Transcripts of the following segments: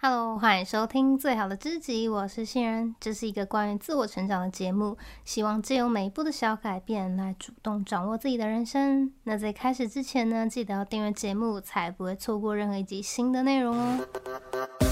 哈嘍，歡迎收聽《最好的知己》，我是杏仁，這是一個關於自我成長的節目，希望借由每一步的小改變來主動掌握自己的人生。那在開始之前呢，記得要訂閱節目，才不會錯過任何一集新的內容哦。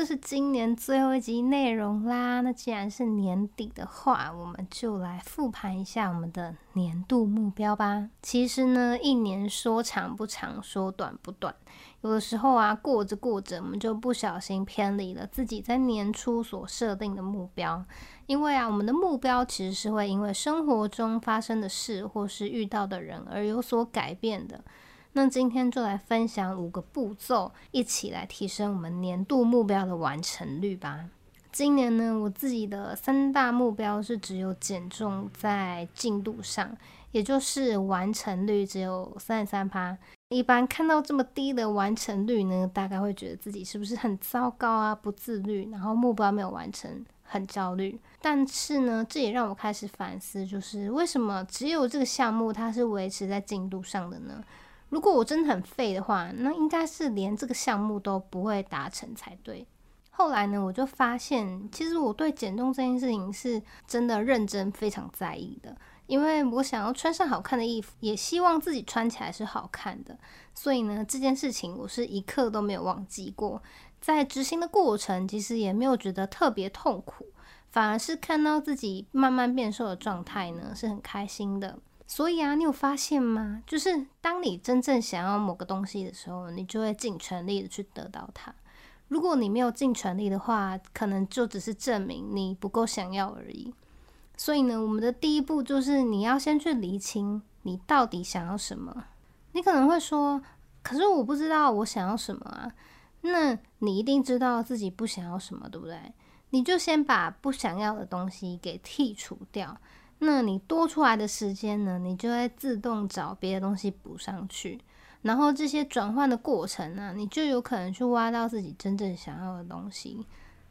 這是今年最後一集內容啦。那既然是年底的話，我們就來復盤一下我們的年度目標吧。其實呢，一年說長不長，說短不短。有的時候啊，過着過着，我們就不小心偏離了自己在年初所設定的目標。因為啊，我們的目標其實是會因為生活中發生的事或是遇到的人而有所改變的。那今天就來分享五個步驟，一起來提升我們年度目標的完成率吧。今年呢，我自己的三大目標是只有減重在進度上，也就是完成率只有三十三趴。一般看到這麼低的完成率呢，大概會覺得自己是不是很糟糕啊，不自律，然後目標沒有完成，很焦慮。但是呢，這也讓我開始反思，就是為什麼只有這個項目它是維持在進度上的呢？如果我真的很廢的話，那應該是連這個項目都不會達成才對。後來呢，我就發現，其實我對減重這件事情是真的認真、非常在意的，因為我想要穿上好看的衣服，也希望自己穿起來是好看的。所以呢，這件事情我是一刻都沒有忘記過。在執行的過程，其實也沒有覺得特別痛苦，反而是看到自己慢慢變瘦的狀態呢，是很開心的。所以啊，你有發現嗎？就是當你真正想要某個東西的時候，你就會盡全力的去得到它。如果你沒有盡全力的話，可能就只是證明你不夠想要而已。所以呢，我們的第一步就是你要先去釐清你到底想要什麼。你可能會說，可是我不知道我想要什麼啊。那你一定知道自己不想要什麼，對不對？你就先把不想要的東西給剔除掉。那你多出來的時間呢？你就會自動找別的東西補上去，然後這些轉換的過程呢，你就有可能去挖到自己真正想要的東西。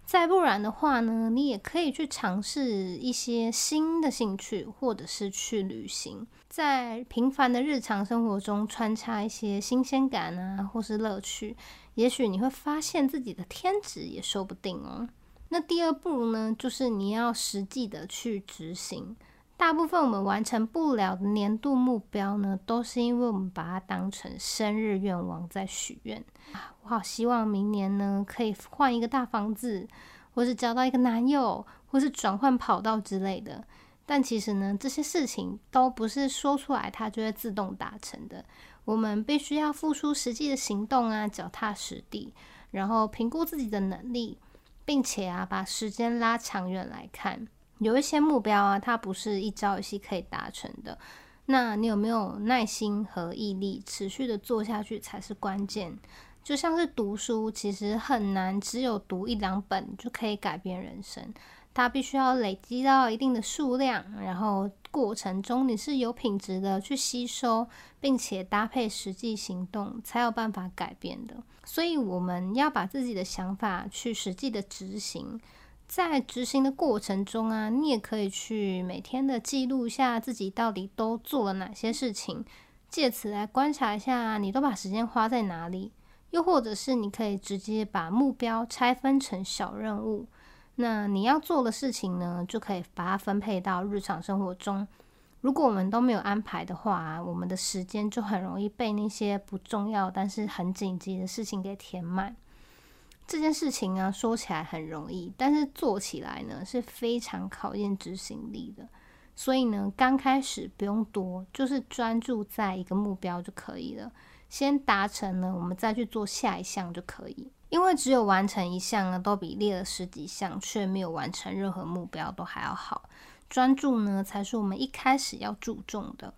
再不然的話呢，你也可以去嘗試一些新的興趣，或者是去旅行，在平凡的日常生活中穿插一些新鮮感啊，或是樂趣，也許你會發現自己的天職也說不定哦。那第二步呢，就是你要實際的去執行。大部分我們完成不了的年度目標呢，都是因為我們把它當成生日願望在許願啊。我好希望明年呢可以換一個大房子，或是交到一個男友，或是轉換跑道之類的。但其實呢，這些事情都不是說出來它就會自動達成的。我們必須要付出實際的行動啊，腳踏實地，然後評估自己的能力，並且啊把時間拉長遠來看。有一些目標啊，它不是一朝一夕可以達成的。那你有沒有耐心和毅力，持續的做下去才是關鍵。就像是讀書，其實很難只有讀一兩本就可以改變人生。它必須要累積到一定的數量，然後過程中你是有品質的去吸收，並且搭配實際行動，才有辦法改變的。所以我們要把自己的想法去實際的執行。在執行的過程中啊，你也可以去每天的記錄一下自己到底都做了哪些事情，借此來觀察一下你都把時間花在哪裡。又或者是你可以直接把目標拆分成小任務，那你要做的事情呢，就可以把它分配到日常生活中。如果我們都沒有安排的話啊，我們的時間就很容易被那些不重要但是很緊急的事情給填滿。這件事情呢，啊，說起來很容易，但是做起來呢，是非常考驗執行力的。所以呢，剛開始不用多，就是專注在一個目標就可以了。先達成呢，我們再去做下一項就可以。因為只有完成一項呢，都比列了十幾項，卻沒有完成任何目標都還要好。專注呢，才是我們一開始要注重的。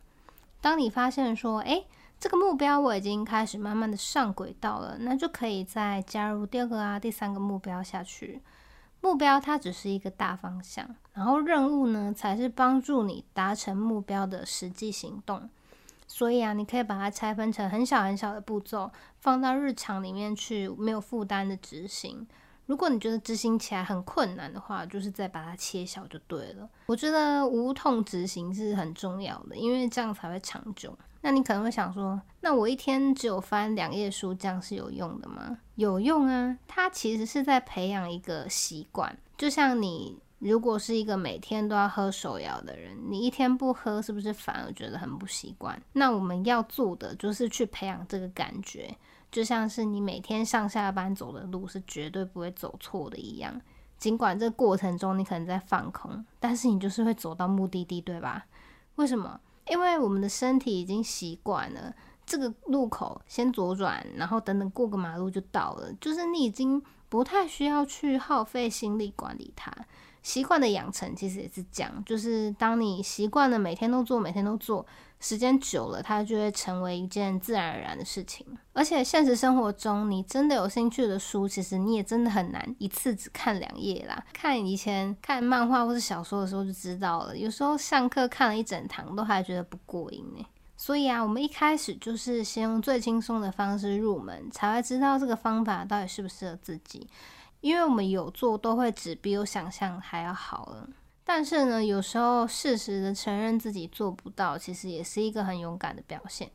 當你發現說，誒。這個目標我已經開始慢慢的上軌道了，那就可以再加入第二個啊、第三個目標下去。目標它只是一個大方向，然後任務呢，才是幫助你達成目標的實際行動。所以啊，你可以把它拆分成很小很小的步驟，放到日常裡面去，沒有負擔的執行。如果你覺得執行起來很困難的話，就是再把它切小就對了。我覺得無痛執行是很重要的，因為這樣才會長久。那你可能會想說，那我一天只有翻兩頁書，這樣是有用的嗎？有用啊，它其實是在培養一個習慣。就像你如果是一個每天都要喝手搖的人，你一天不喝，是不是反而覺得很不習慣？那我們要做的就是去培養這個感覺，就像是你每天上下班走的路是絕對不會走錯的一樣，儘管這個過程中你可能在放空，但是你就是會走到目的地，對吧？為什麼？因為我們的身體已經習慣了這個路口先左轉，然後等等過個馬路就到了。就是你已經不太需要去耗費心力管理它。習慣的養成其實也是這樣，就是當你習慣了每天都做，每天都做。時間久了，它就會成為一件自然而然的事情。而且現實生活中，你真的有興趣的書，其實你也真的很難一次只看兩頁啦。看以前看漫畫或是小說的時候就知道了，有時候上課看了一整堂都還覺得不過癮呢、欸。所以啊，我們一開始就是先用最輕鬆的方式入門，才會知道這個方法到底適不適合自己。因為我們有做，都會只比我想象還要好了。但是呢，有時候適時的承認自己做不到，其實也是一個很勇敢的表現。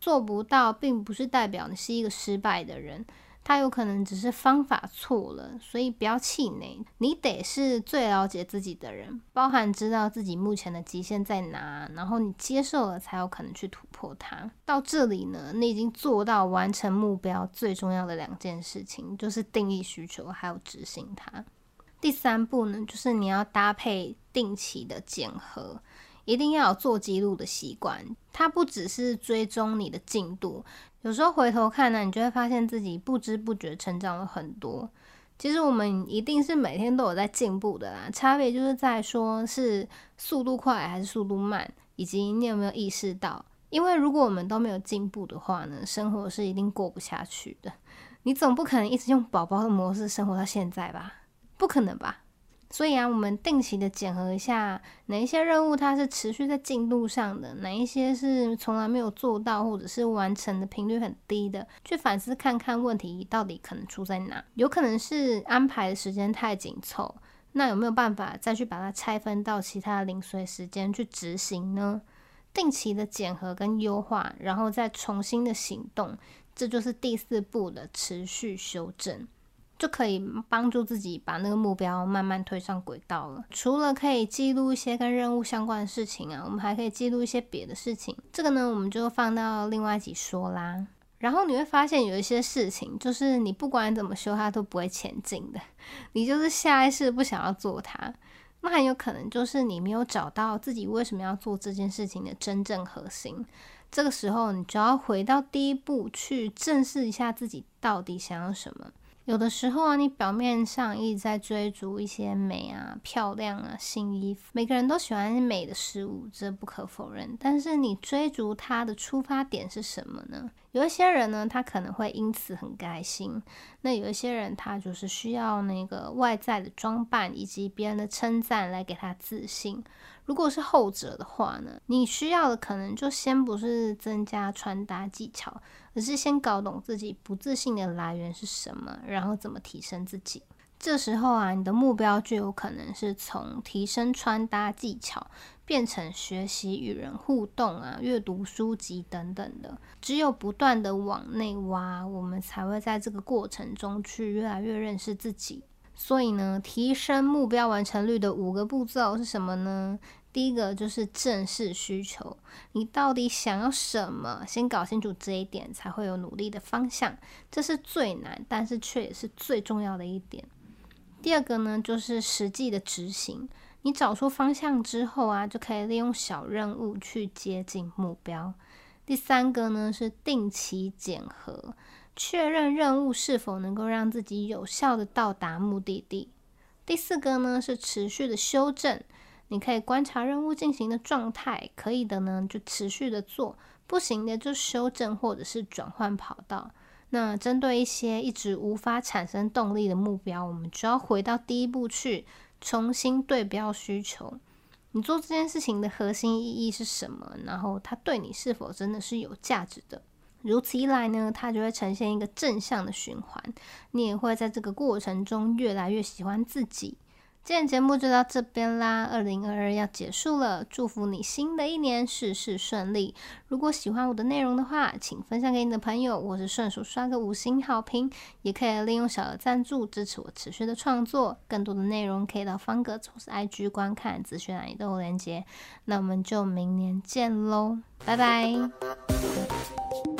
做不到，並不是代表你是一個失敗的人，他有可能只是方法錯了，所以不要氣餒。你得是最了解自己的人，包含知道自己目前的極限在哪，然後你接受了，才有可能去突破它。到這裡呢，你已經做到完成目標最重要的兩件事情，就是定義需求，還有執行它。第三步呢，就是你要搭配定期的檢核，一定要有做記錄的習慣。它不只是追蹤你的進度，有時候回頭看呢，你就會發現自己不知不覺成長了很多。其實我們一定是每天都有在進步的啦，差別就是在說是速度快還是速度慢，以及你有沒有意識到。因為如果我們都沒有進步的話呢，生活是一定過不下去的。你總不可能一直用寶寶的模式生活到現在吧？不可能吧？所以啊，我們定期的檢核一下，哪一些任務它是持續在進度上的，哪一些是從來沒有做到，或者是完成的頻率很低的，去反思看看問題到底可能出在哪。有可能是安排的時間太緊湊，那有沒有辦法再去把它拆分到其他的零碎時間去執行呢？定期的檢核跟優化，然後再重新的行動，這就是第四步的持續修正。就可以幫助自己把那個目標慢慢推上軌道了。除了可以記錄一些跟任務相關的事情啊，我們還可以記錄一些別的事情。這個呢，我們就放到另外一集說啦。然後你會發現有一些事情，就是你不管你怎麼修，它都不會前進的。你就是下意識不想要做它，那很有可能就是你沒有找到自己為什麼要做這件事情的真正核心。這個時候，你就要回到第一步，去正視一下自己到底想要什麼。有的時候啊，你表面上一直在追逐一些美啊、漂亮啊、新衣服，每個人都喜歡美的事物，這不可否認。但是你追逐它的出發點是什麼呢？有一些人呢，他可能會因此很開心；那有一些人，他就是需要那個外在的裝扮以及別人的稱讚來給他自信。如果是後者的話呢，你需要的可能就先不是增加穿搭技巧，而是先搞懂自己不自信的來源是什麼，然後怎麼提升自己。這時候啊，你的目標就有可能是從提升穿搭技巧，變成學習與人互動啊、閱讀書籍等等的。只有不斷的往內挖，我們才會在這個過程中去越來越認識自己。所以呢，提升目標完成率的五個步驟是什麼呢？第一個就是正視需求，你到底想要什麼，先搞清楚這一點，才會有努力的方向。這是最難，但是卻也是最重要的一點。第二個呢，就是實際的執行。你找出方向之後啊，就可以利用小任務去接近目標。第三個呢，是定期檢核。確認任務是否能夠讓自己有效的到達目的地。第四個呢，是持續的修正，你可以觀察任務進行的狀態，可以的呢就持續的做，不行的就修正或者是轉換跑道。那針對一些一直無法產生動力的目標，我們就要回到第一步去重新對標需求。你做這件事情的核心意義是什麼？然後它對你是否真的是有價值的？如此一來呢，它就會呈現一個正向的循環，你也會在這個過程中越來越喜歡自己。今天節目就到這邊啦，二零二二要結束了，祝福你新的一年事事順利。如果喜歡我的內容的話，請分享給你的朋友，我是順手刷個五星好評，也可以利用小額贊助支持我持續的創作。更多的內容可以到方格或是 IG 觀看，資訊欄都有連結。那我們就明年見嘍，拜拜。